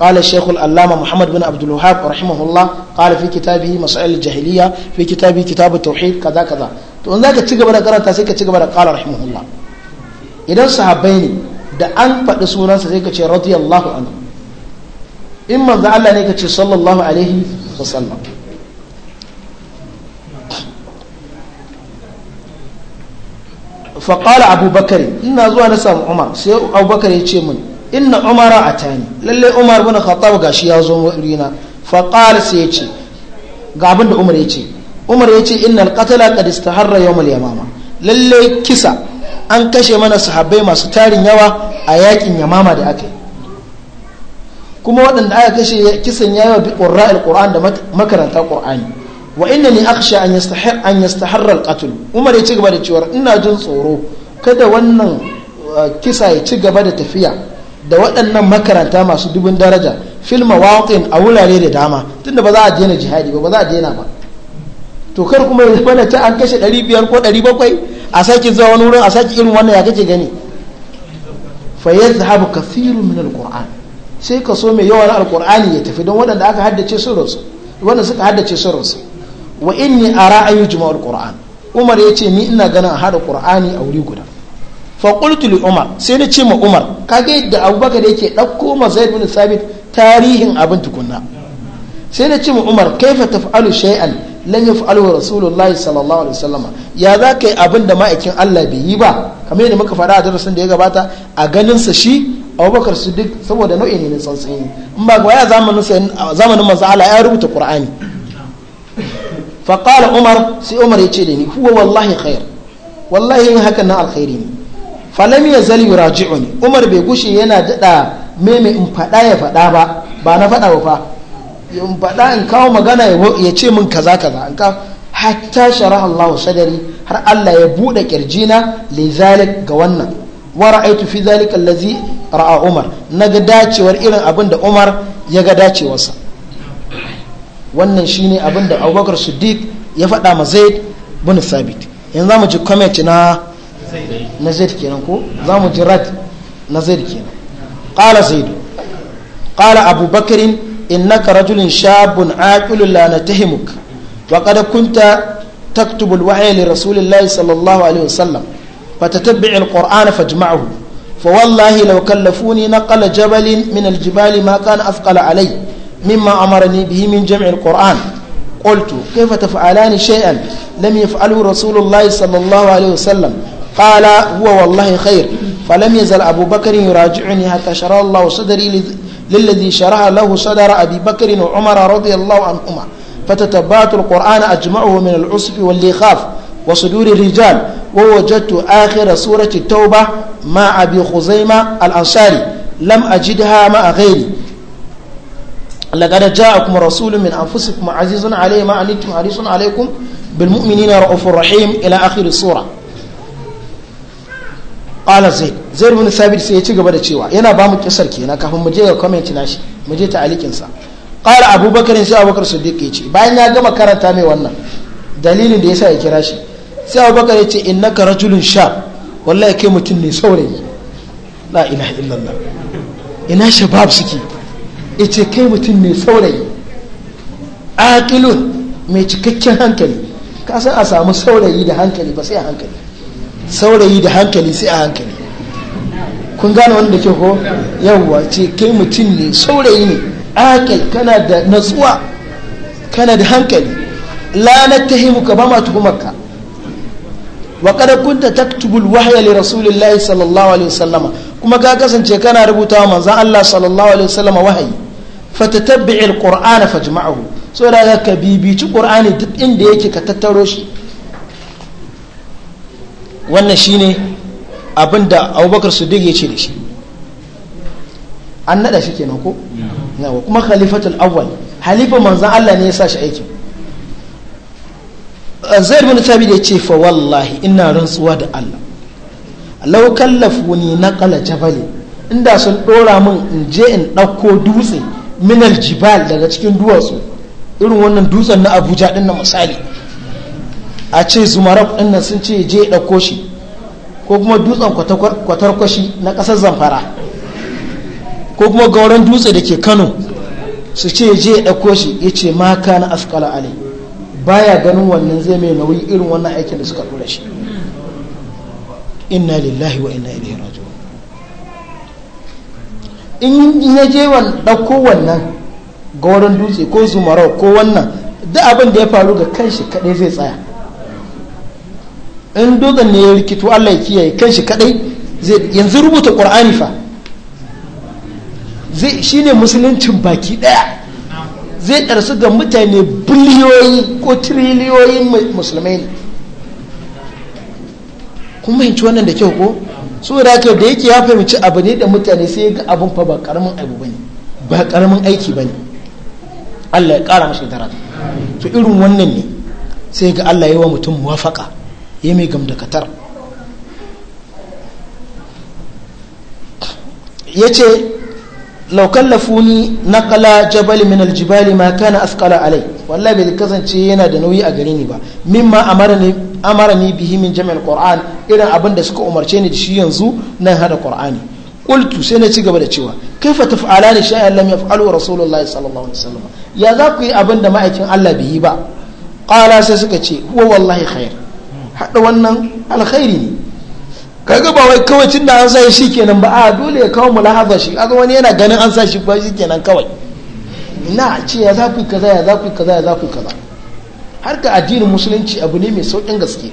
قال الشيخ الألامة محمد بن عبد الوهاب رحمه الله قال في كتابه مسائل الجاهلية في كتابه كتاب التوحيد كذا كذا to in ka ci gaba da karanta sai ka ci gaba da qala rahimahullah idan sahabbai ne da an faɗi sunansa sai ka ce radiyallahu anhu in manzo Allah ne ka ce sallallahu alaihi sallam fa qala abubakar ina zuwa na samu umar sai abubakar ya ce mun inna umara atani lalle umar bin khattab gashi ya zo rina fa qala sai yace ga abin da umar yace umar yace innal qatala qad istaharra yawmal yamama lalle kisa an kashe mana sahabbai masu tarin yawa a yakin yamama da aka kuma waɗanda aka kashe kisan yawa bi qurra'il qur'an da makaranta qur'ani wa innani akhsha an yastahir an yastaharra al umar ya ci gaba da cewa ina jin tsoro kada wannan uh, kisa ya ci gaba da tafiya da waɗannan makaranta masu dubin daraja fil mawaqin a wurare da dama tunda ba za a daina jihadi ba ba za a daina ba to kar kuma ya bana ta an kashe 500 ko 700 a sake zuwa wani wurin a sake irin wannan ya kake gani fa yadhhabu kathirun min alquran sai ka so mai yawan alqur'ani ya tafi don waɗanda aka haddace sun rasu waɗanda suka haddace sun rasu wa inni ara ayyujma alquran umar yace ni ina ganin a hada qur'ani a wuri guda faƙultu li umar sai na ce ma umar ga yadda abubakar yake ɗauko ma zai bin sabit tarihin abin tukunna sai na ce ma umar kaifa taf'alu shay'an lam yaf'alu rasulullahi sallallahu alaihi wasallama ya za ka yi abin da ma'aikin Allah bai yi ba kamar yadda muka faɗa a darasin da ya gabata a ganin sa shi abubakar su duk saboda nau'i ne na tsantsini in ba ga zamanin zamanin ala ya rubuta qur'ani fa umar sai umar ya ce da ni huwa wallahi khair wallahi yin hakan na alkhairi ne falam ya zali yuraji'uni umar bai gushe yana dada meme in faɗa ya faɗa ba ba na faɗa ba fa in faɗa in kawo magana ya ce min kaza kaza in ka hatta sharaha Allah sadari har Allah ya buɗe kirjina li zalik ga wannan wa ra'aytu fi zalika allazi ra'a Umar naga dacewar irin abin da Umar ya ga dacewarsa wannan shine abin da Abubakar Siddiq ya faɗa ma Zaid bin sabit, yanzu mu ji comment na na zaid kenan ko za mu ji rad na zaid kenan qala zaid qala abubakarin. innaka rajulin shabun aqilun la natahimuk wa qad kunta taktubu alwahya li rasulillahi sallallahu alaihi wasallam فتتبع القرآن fa wallahi لو كلفوني نقل جبل من الجبال ما كان أثقل علي مما أمرني به من جمع القرآن قلت كيف تفعلان شيئا لم يفعله رسول الله صلى الله عليه وسلم قال هو والله خير فلم يزل أبو بكر يراجعني حتى شرح الله صدري للذي شرح له صدر أبي بكر وعمر رضي الله عنهما فتتبعت القرآن أجمعه من العصف واللخاف وصدور الرجال ووجدت آخر سورة التوبة مع أبي خزيمة الأنصاري لم أجدها مع غيري لقد جاءكم رسول من أنفسكم عزيز عليه ما أنتم حريص عليكم بالمؤمنين رؤوف رحيم إلى آخر السورة qala zai zai bin sabit sai ya ci gaba da cewa yana ba mu kisar kenan kafin mu je ga comment nashi mu je ta alikin sa qala abubakar sai abubakar siddiq ya ce bayan ya gama karanta mai wannan dalilin da ya sa ya kira shi sai abubakar ya ce innaka rajulun sha wallahi kai mutum ne saurayi la ilaha illallah ina shabab suke ya ce kai mutum ne saurayi aqilun mai cikakken hankali ka san a samu saurayi da hankali ba sai hankali saurayi da hankali sai a hankali kun gane wanda ke ko yawwa ce kai mutum ne saurayi ne akil kana da natsuwa kana da hankali lanar ta nattahimu ka ba ma tuhumarka wa kada kunta taktubul wahya li rasulillahi sallallahu alaihi wasallama kuma ka kasance kana rubuta wa manzon Allah sallallahu alaihi wasallama wahayi fatatabbi alqur'ana fajma'ahu so da ka bibici qur'ani duk inda yake ka tattaro shi wannan shine abin da abubakar siddiq ya ce da shi an nada shi kenan ko yawa kuma khalifatul awwal halifa manzan Allah ne ya sa shi aikin zaid bin da ya ce fa wallahi ina rantsuwa da Allah law kallafuni naqala jabali inda sun dora min in je in dauko dutse minal jibal daga cikin duwatsu irin wannan dutsen na Abuja din na misali a ce zumarab ɗinnan sun ce je ɗauko shi ko kuma dutsen kwatarkwashi na ƙasar zamfara ko kuma gauran dutse da ke kano su ce je ɗauko shi ya ce maka na askala ba baya ganin wannan zai mai nauyi irin wannan aikin da suka ɗora shi inna lillahi wa inna ilaihi raji'un in ya je ɗauko wannan gauran dutse ko zumarau ko wannan duk abin da ya faru ga kanshi kaɗai zai tsaya in dutsen ne ya rikito Allah ya kiyaye kan shi kadai yanzu rubuta qur'ani fa zai shine musuluncin baki daya zai ɗarsu ga mutane biliyoyi ko triliyoyin musulmai ne kun fahimci wannan da kyau ko da haka da yake ya fahimci abu ne da mutane sai ga abin fa ba karamin abu bane ba karamin aiki bane Allah ya kara mashi daraja to irin wannan ne sai ga Allah ya yi wa mutum muwafaka ya mai gamdakatar ya ce laukallafuni na kala jabali min aljibali ma kana askala alai wallahi bai kasance yana da nauyi a gare ni ba ma amara ni bihi min jami'ar qur'an irin abin da suka umarce ni da shi yanzu nan hada qur'ani qultu sai na ci gaba da cewa kaifa taf'alani shay'an lam yaf'alu rasulullahi sallallahu alaihi wasallam ya za ku yi abin da ma'aikin Allah bai yi ba qala sai suka ce huwa wallahi khair haɗa wannan alkhairi ne kaga ba wai kawai tun da an sa shi kenan ba a dole ya kawo mu lahaza shi kaga wani yana ganin an sa shi ba shi kenan kawai ina ce ya za ku kaza ya za ku kaza ya za ku kaza har ka addinin musulunci abu ne mai saukin gaske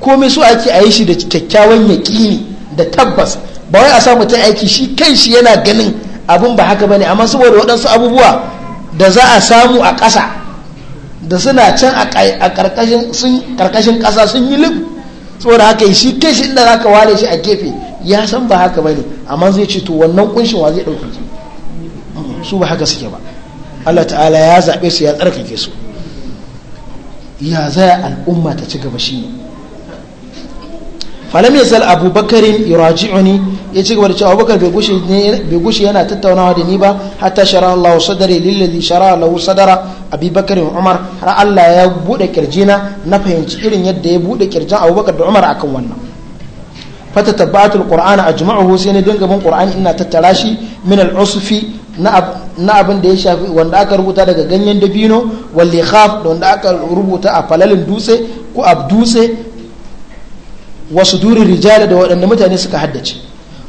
komai so ake a yi shi da kyakkyawan yaƙini da tabbas ba wai a sa mutum aiki shi kan shi yana ganin abun ba haka bane amma saboda waɗansu abubuwa da za a samu a ƙasa da suna can a karkashin ƙasa sun yi lib saboda haka shi kai shi inda zaka ware shi a gefe ya san ba haka bane amma zai ce to wannan kunshin wa zai ɗauke su su ba haka suke ba Allah ta'ala ya zaɓe su ya tsarkake su ya zaya al'umma ta ci gaba shine falam yasal abubakarin yuraji'uni ya ci gaba da cewa abubakar bai gushi yana tattaunawa da ni ba hatta shara Allah sadari lillazi shara lahu sadara abubakar da umar har allah ya buɗe kirjina na fahimci irin yadda ya buɗe kirjin abubakar da umar akan wannan fata tabbatul qur'ana ajma'uhu sai ne dinga bin qur'ani ina tattara shi min al-usfi na abin da ya shafi wanda aka rubuta daga ganyen dabino walli khaf wanda aka rubuta a falalin dutse ko a dutse wasu duri rijala da waɗanda mutane suka haddace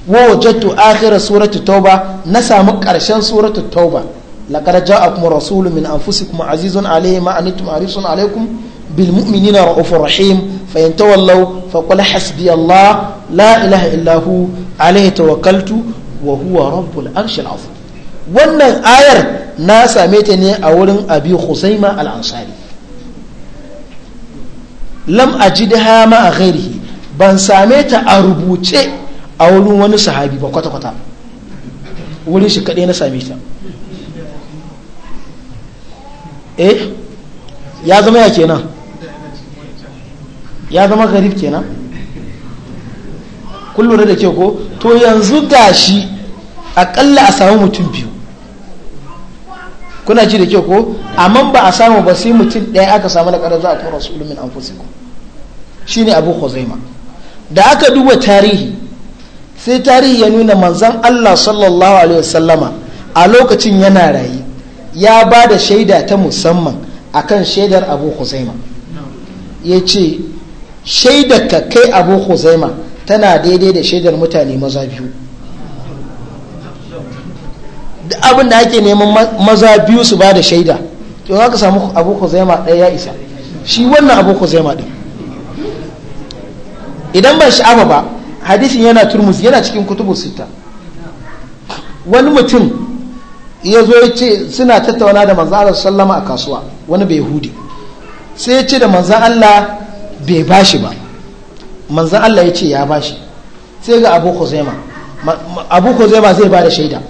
wa wajattu akhira suratu tauba na samu ƙarshen suratu tauba laqad ja'akum rasulun min anfusikum azizun alayhi ma antum harisun alaykum bil mu'minina ra'ufur rahim fa in tawallaw fa qul hasbi Allah la ilaha illa hu alayhi tawakkaltu wa huwa rabbul arshil azim wannan ayar na same ta ne a wurin abi husaima al-ansari lam ajidha ma ghairihi ban same ta a rubuce a wurin wani sahabi ba kwata-kwata wurin shi kaɗai na same ta eh ya zama ya kenan ya zama garib kenan kun lura da ke ko to yanzu gashi akalla a samu mutum biyu kuna ji da ke ko amma ba a samu ba sai mutum ɗaya aka samu na ƙarar za a kora su ulumin an fusi shi ne abu khuzaima da aka duba tarihi sai tarihi ya nuna manzan allah sallallahu alaihi wasallama a lokacin yana rayu ya ba da shaida ta musamman a kan shaidar abu huzaima ya ce shaidar ka kai abu huzaima tana daidai da shaidar mutane maza biyu abin ake neman maza biyu su ba da shaida yau za ka samu abu huzaima ɗaya ya isa shi wannan abu huzaima ɗin idan ban sha'awa ba hadisin yana turmus yana cikin kutubu sita wani mutum ya zo ya ce suna tattauna da manzan Allah sallama a kasuwa wani bai hudi sai ya ce da manzan Allah bai bashi ba manzan Allah ya ce ya bashi sai ga abu kuzema abu kuzema zai ba da shaida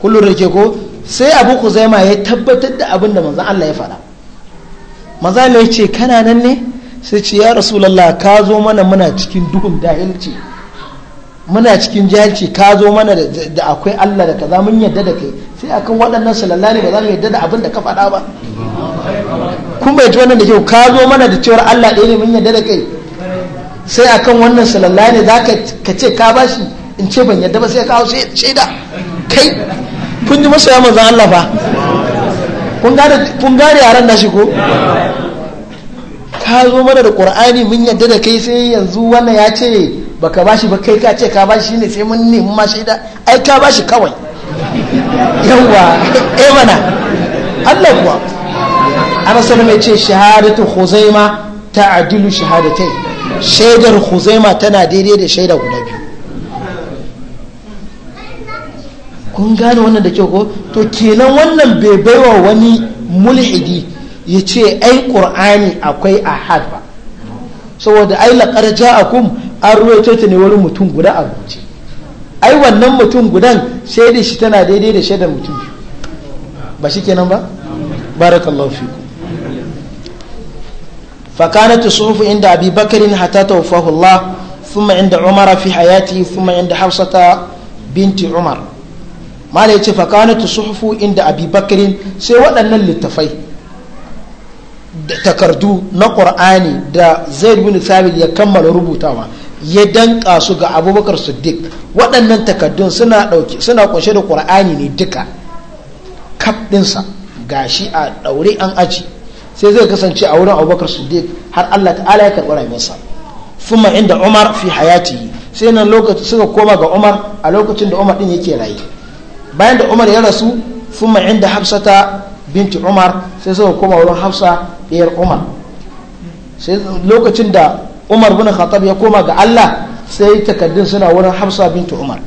kullum da ke ko sai abu kuzema ya tabbatar da abin da manzan Allah ya faɗa manzan Allah ya ce kana nan ne sai ce ya rasulallah ka zo mana muna cikin duhun dahilci muna cikin jahilci ka zo mana da akwai Allah da kaza mun yadda da kai sai akan waɗannan salalla ne ba za mu yadda da abin da ka faɗa ba Kun bai ji wannan da kyau ka zo mana da cewar Allah ɗaya ne mun yadda da kai sai akan wannan salalla ne za ka ce ka bashi in ce ban yadda ba sai ka hau shaida kai kun ji masoya manzon Allah ba kun gane yaran shi ko ka zo mana da Qur'ani mun yadda da kai sai yanzu wannan ya ce baka bashi ba kai ka ce ka bashi shine sai mun nemi ma shaida ai ka bashi kawai yawa eh mana Allah kuwa ana sanar mai ce shahadatu khuzaima ta'dilu shahadatai shaidar khuzaima tana daidai da shaida guda biyu kun gane wannan da kyau ko to kenan wannan bai baiwa wani mulhidi ya ce ai qur'ani akwai ahad ba saboda ai laqad ja'akum an ruwaito ta ne wani mutum guda a guje ai wannan mutum gudan shaidin shi tana daidai da shaidar mutum ba shi kenan ba? barakallahu laufi ku fakana ta sufu inda abi bakarin hata ta wufahu Allah fuma inda umara fi hayati fuma inda hafsata binti umar mala ya ce fakana ta sufu inda abi bakarin sai waɗannan littafai takardu na ƙur'ani da zai bin thabit ya kammala rubutawa ya danka su ga abubakar siddiq waɗannan takardun suna ɗauke suna kunshe da ƙur'ani ne duka kaf ɗinsa shi a ɗaure an aji sai zai kasance a wurin abubakar siddiq har allah ta'ala ya karɓi rayuwarsa fuma inda umar fi hayati sai nan lokacin suka koma ga umar a lokacin da umar ɗin yake raye bayan da umar ya rasu fuma inda hafsata binti umar sai suka koma wurin hafsa ɗayar umar sai lokacin da umar bin khattab ya koma ga Allah sai takaddun suna wurin hafsa bintu umar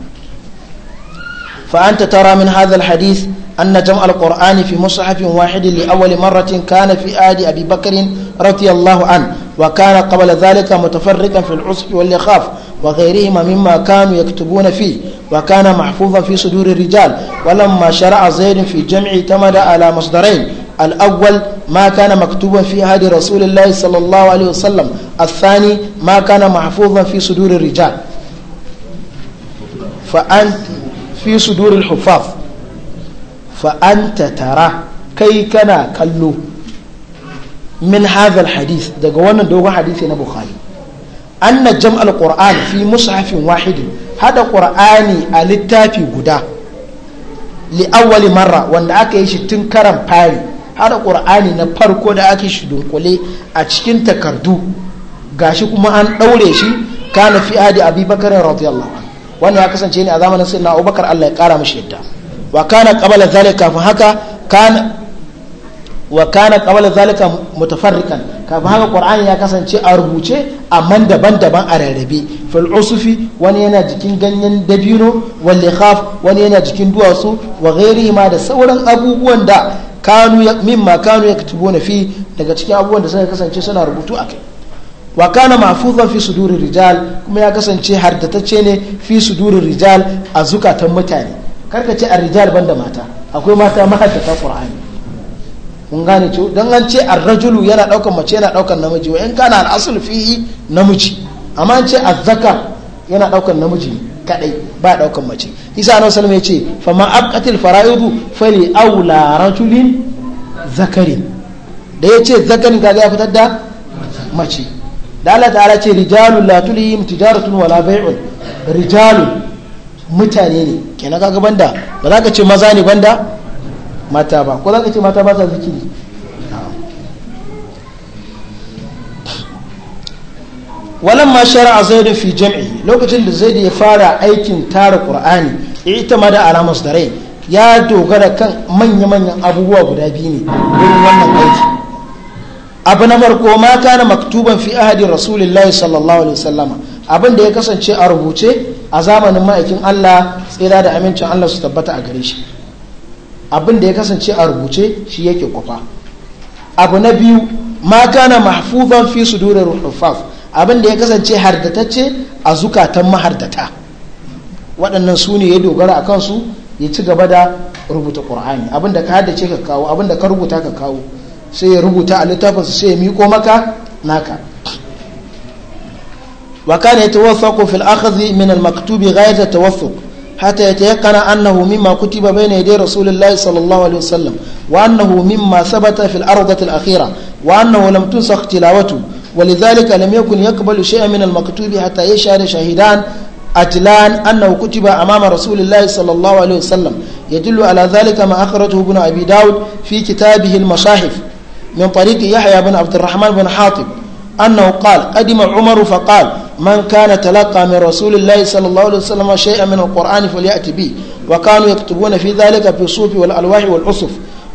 فأنت ترى من هذا الحديث أن جمع القرآن في مصحف واحد لأول مرة كان في آل أبي بكر رضي الله عنه وكان قبل ذلك متفرقا في العصف واللخاف وغيرهما مما كانوا يكتبون فيه وكان محفوظا في صدور الرجال ولما شرع زيد في جمع اعتمد على مصدرين الأول ما كان مكتوبا في هدي رسول الله صلى الله عليه وسلم الثاني ما كان محفوظا في صدور الرجال فأنت في صدور الحفاظ فأنت ترى كي كان كلو من هذا الحديث دقوانا دوغا حديثنا بخاري أن جمع القرآن في مصحف واحد هذا قرآني التافي قدا لأول مرة وأن أكيش تنكرم باري hada ƙur'ani na farko da ake shi dunkule a cikin takardu ga shi kuma an ɗaure shi kana fi hadi abubakar radiyallahu wanda ya kasance ne a zamanin sai na abubakar allah ya kara mashi yadda wa kana qabala zalika kafin haka wa kana qabala zalika mutafarrikan kafin haka ƙwar'ani ya kasance a rubuce amma daban-daban a rarrabe fil wani yana jikin ganyen dabino wale haf wani yana jikin duwatsu wa gairi ma da sauran abubuwan da kanu ya mimma kanu ya na fi daga cikin abubuwan da suka kasance suna rubutu kai wa kana mahfuzan fi sudurir rijal kuma ya kasance hardatacce ne fi sudurir rijal a zukatan mutane karkace a rijal banda mata akwai mata mahaddata ƙwar'ani kun gane ce don an ce arrajulu yana daukan mace yana daukan namiji wa in kana al'asul fi namiji amma an ce azzaka yana daukan namiji kadai ba daukan mace isa na wasu ya ce fa ma abqatil fara'idu fali au rajulin zakari da ya ce zakarin kaga ya fitar da mace da Allah ta'ala ce rijalun la tulihim tijaratun wala bai'un rijalun mutane ne kenan kaga banda ba za ka ce maza ne banda mata ba ko za ka ce mata ba sa zikiri walamma shara'a zaidun fi jam'i lokacin da zaidu ya fara aikin tara qur'ani ita ma da alamus da rai ya dogara kan manya-manyan abubuwa guda biyu ne wurin wannan aiki abu na farko ma kana maktuban fi ahadin rasulullah sallallahu alaihi wasallama abin da ya kasance a rubuce a zamanin ma'aikin Allah tsira da amincin Allah su tabbata a gare shi abin da ya kasance a rubuce shi yake kwafa abu na biyu ma kana mahfuzan fi sudurir ruffaf abin da ya kasance hardatacce a zukatan mahardata waɗannan su ne ya dogara a kansu ya ci gaba da rubuta ƙur'ani abin da ka haddace ka kawo abin da ka rubuta ka kawo sai ya rubuta a littafinsa sai ya miko maka naka wa kana yatawaffaqu fil akhdhi min al maktubi ghayat at حتى يتيقن أنه مما كتب بين يدي رسول الله صلى الله عليه وسلم وأنه مما ثبت في الأرضة الأخيرة وأنه لم تنسخ تلاوته ولذلك لم يكن يقبل شيئا من المكتوب حتى يشهد شهيدان أتلان أنه كتب أمام رسول الله صلى الله عليه وسلم يدل على ذلك ما أخرجه ابن أبي داود في كتابه المصاحف من طريق يحيى بن عبد الرحمن بن حاطب أنه قال قدم عمر فقال من كان تلقى من رسول الله صلى الله عليه وسلم شيئا من القرآن فليأت به وكانوا يكتبون في ذلك في الصوف والألواح والعصف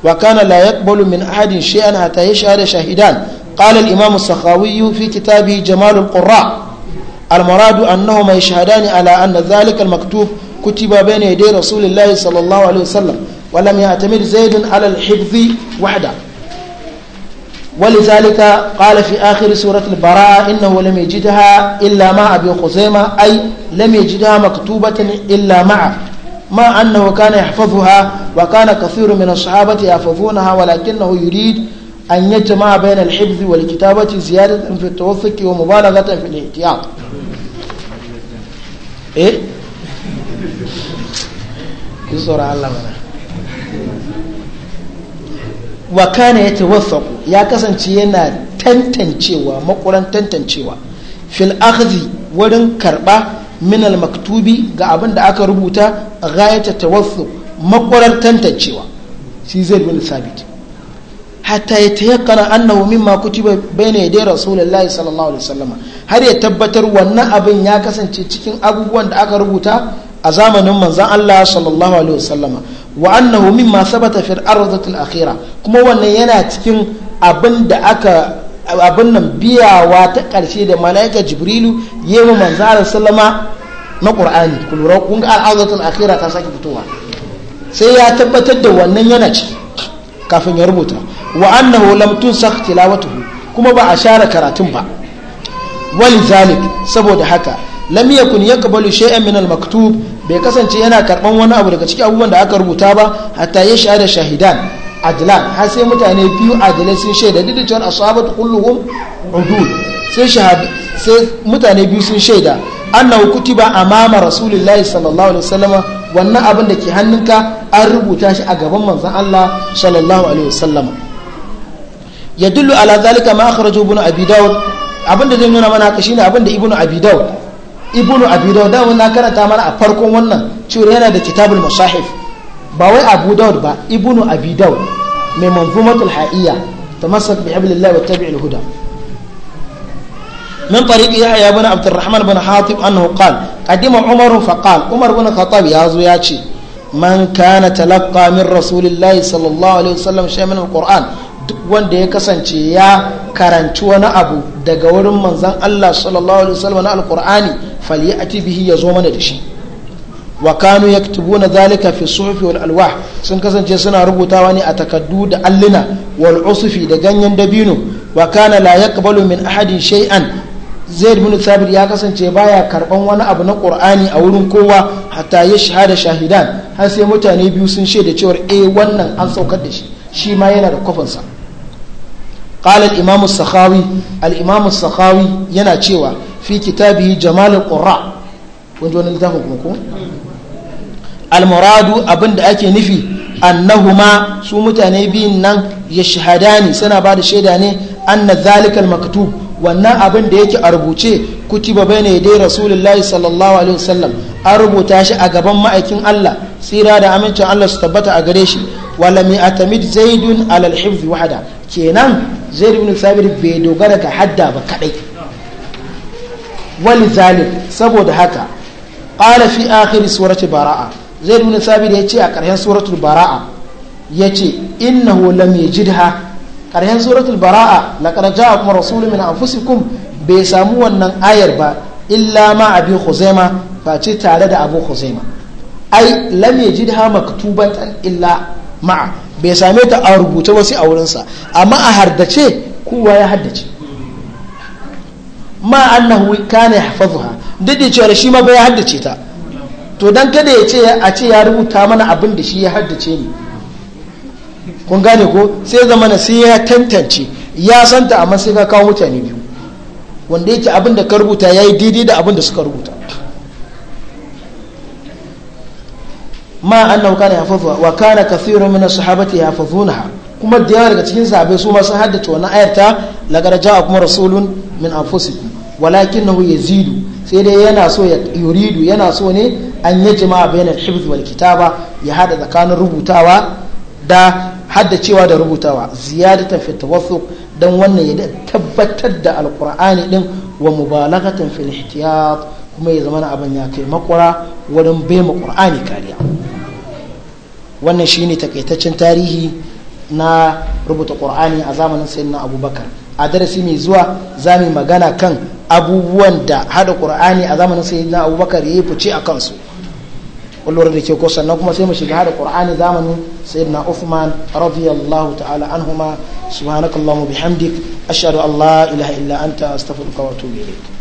وكان لا يقبل من أحد شيئا حتى يشهد شاهدان قال الإمام السخاوي في كتابه جمال القراء المراد أنهما يشهدان على أن ذلك المكتوب كتب بين يدي رسول الله صلى الله عليه وسلم ولم يعتمد زيد على الحفظ وحده ولذلك قال في آخر سورة البراءة إنه لم يجدها إلا مع أبي خزيمة أي لم يجدها مكتوبة إلا معه مع أنه كان يحفظها وكان كثير من الصحابة يحفظونها ولكنه يريد أن يجمع بين الحفظ والكتابة زيادة في التوثق ومبالغة في الاحتياط إيه؟ كسر علمنا wa kana ya tawassaku ya kasance yana tantancewa makuran tantancewa fil akhdhi wurin karba min al maktubi ga abin da aka rubuta ghayata tawassu makuran tantancewa shi zai bin sabit hatta ya tayakkana annahu mimma kutiba bayna yaday rasulullahi sallallahu alaihi wasallam har ya tabbatar wannan abin ya kasance cikin abubuwan da aka rubuta a zamanin manzon Allah sallallahu alaihi wasallam wa annahu mimma sabata fil ardatil akhira kuma wannan yana cikin abin da aka abin nan biyawa ta karshe da malaika jibrilu yema manzara sallama na qur'ani ku lura kun ga ardatil akhira ta saki fitowa sai ya tabbatar da wannan yana ciki kafin ya rubuta wa annahu lam tunsakh tilawatuhu kuma ba a share karatun ba walizalik saboda haka lam yakun yaqbalu shay'an min al-maktub bai kasance yana karban wani abu daga cikin abubuwan da aka rubuta ba hatta ya shahada shahidan adlan har sai mutane biyu adalai sun shaida duk da cewa asabatu kulluhum udud sai shahada sai mutane biyu sun shaida anna kutiba amama rasulillahi sallallahu alaihi wasallam wannan abin da ke hannunka an rubuta shi a gaban manzon Allah sallallahu alaihi wasallam yadullu ala zalika ma akhrajahu ibn abi daud abin da zai nuna mana kashi ne abin da abi daud ibnu abu daud da wannan karanta mana a farkon wannan cewa yana da kitabul musahif ba wai abu daud ba ibnu abu mai manzumatul ha'iyya tamassak bi hablillah wa tabi' al huda min tariq yahya ibn abd arrahman ibn hatib annahu qala qadima umar fa qala umar ibn khattab ya zo ya ce man kana talaqqa min rasulillahi sallallahu alaihi wasallam shay'an min qur'an duk wanda ya kasance ya karanci wani abu daga wurin manzan Allah sallallahu alaihi wasallam na alqur'ani ati bihi ya zo mana da shi wa kanu yaktubuna zalika fi suhufi wal alwah sun kasance suna rubutawa ne a takaddu da alluna wal usufi da ganyen dabino wa kana la yaqbalu min ahadin shay'an zaid bin sabir ya kasance baya karban wani abu na qur'ani a wurin kowa hatta ya shahada shahidan har sai mutane biyu sun shaida cewa eh wannan an saukar da shi shi ma yana da kofinsa قال الإمام السخاوي الإمام السخاوي يناتشيوا في كتابه جمال القراء وانتوانا لتفقكم المراد أبند أكي نفي أنهما سومتا نبين نان يشهداني سنة بعد شهداني أن ذلك المكتوب wannan abin da yake a rubuce kutiba bai ne dai rasulullahi sallallahu alaihi wasallam an rubuta shi a gaban ma'aikin Allah tsira da amincin Allah su tabbata a gare shi wala zaidun alal hifzi wahada kenan zai bin sabir bai dogara ga hadda ba kadai wani zalim saboda haka ƙala fi akhir surati bara'a zai bin sabir ya ce a ƙarshen suratul bara'a ya ce innahu lam yajidha ƙarshen suratul bara'a laqad kuma rasulun min anfusikum bai samu wannan ayar ba illa ma abi khuzaima ba tare da abu khuzaima ai lam yajidha maktuban illa ma'a bai same ta a rubuta ba sai a wurinsa amma a hardace kowa ya haddace ma annahu kana yahfazuha duk da cewa shi ma bai haddace ta to dan kada ya ce a ce ya rubuta mana abin da shi ya haddace ne kun gane ko sai na sai ya tantance ya santa amma sai ka kawo mutane biyu wanda yake abin da ka rubuta ya yi daidai da abin da suka rubuta ma annahu kana yafafu wa kana kathirun min as-sahabati yafafunaha kuma da yawa daga cikin sahabbai su ma sun haddace wannan ayar ta laqad kuma rasulun min anfusikum walakinahu yazidu sai dai yana so ya yuridu yana so ne an yajma bayna al-hifz wal kitaba ya hada tsakanin rubutawa da haddacewa da rubutawa ziyadatan fi tawaffuq dan wannan ya tabbatar da alqur'ani din wa mubalaghatan fil ihtiyat kuma ya zama abin ya kai makwara wurin bai ma ƙur'ani kariya wannan shine takaitaccen tarihi na rubuta ƙur'ani a zamanin na abubakar a darasi mai zuwa za mu magana kan abubuwan da hada ƙur'ani a zamanin na abubakar ya yi fice a kansu ƙullurar da ke ko sannan kuma sai mu shiga hada ƙur'ani zamanin na uthman radiyallahu ta'ala an anhuma subhanakallahumma bihamdik ashadu an la ilaha illa anta astaghfiruka wa atubu ilayk